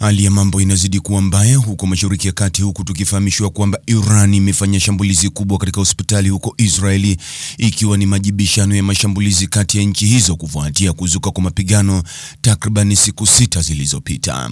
Hali ya mambo inazidi kuwa mbaya huko Mashariki ya Kati, huku tukifahamishwa kwamba Iran imefanya shambulizi kubwa katika hospitali huko Israeli, ikiwa ni majibishano ya mashambulizi kati ya nchi hizo kufuatia kuzuka kwa mapigano takriban siku sita zilizopita.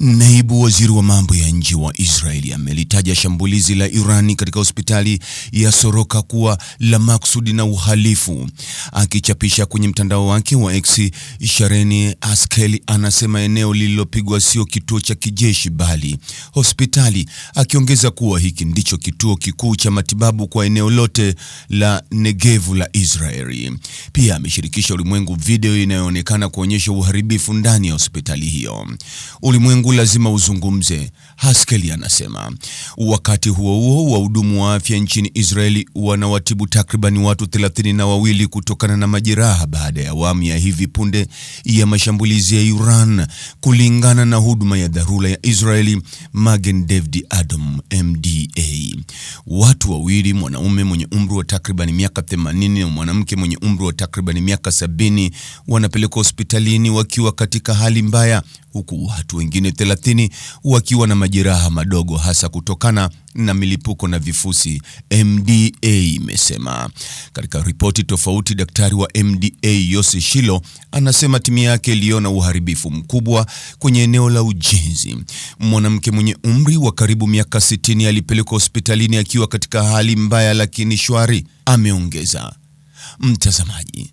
Naibu waziri wa mambo ya nje wa Israeli amelitaja shambulizi la Iran katika hospitali ya Soroka kuwa la maksudi na uhalifu. Akichapisha kwenye mtandao wake wa X, Shareni Askeli anasema eneo lililopigwa sio kitu kituo cha kijeshi bali hospitali, akiongeza kuwa hiki ndicho kituo kikuu cha matibabu kwa eneo lote la Negevu la Israeli. Pia ameshirikisha ulimwengu video inayoonekana kuonyesha uharibifu ndani ya hospitali hiyo. Ulimwengu lazima uzungumze, haskeli anasema. Wakati huo huo, wahudumu wa afya nchini Israeli wanawatibu takribani watu thelathini na wawili kutokana na majeraha baada ya awamu ya hivi punde ya mashambulizi ya Iran kulingana na huduma ya dharura ya Israeli Magen David Adom MDA. Watu wawili, mwanaume mwenye umri wa takribani miaka 80 na mwanamke mwenye umri wa takribani miaka sabini wanapelekwa hospitalini wakiwa katika hali mbaya huku watu wengine 30 wakiwa na majeraha madogo hasa kutokana na milipuko na vifusi, MDA imesema. Katika ripoti tofauti, daktari wa MDA Yose Shilo anasema timu yake iliona uharibifu mkubwa kwenye eneo la ujenzi. Mwanamke mwenye umri wa karibu miaka 60 alipelekwa hospitalini akiwa katika hali mbaya lakini shwari, ameongeza. Mtazamaji,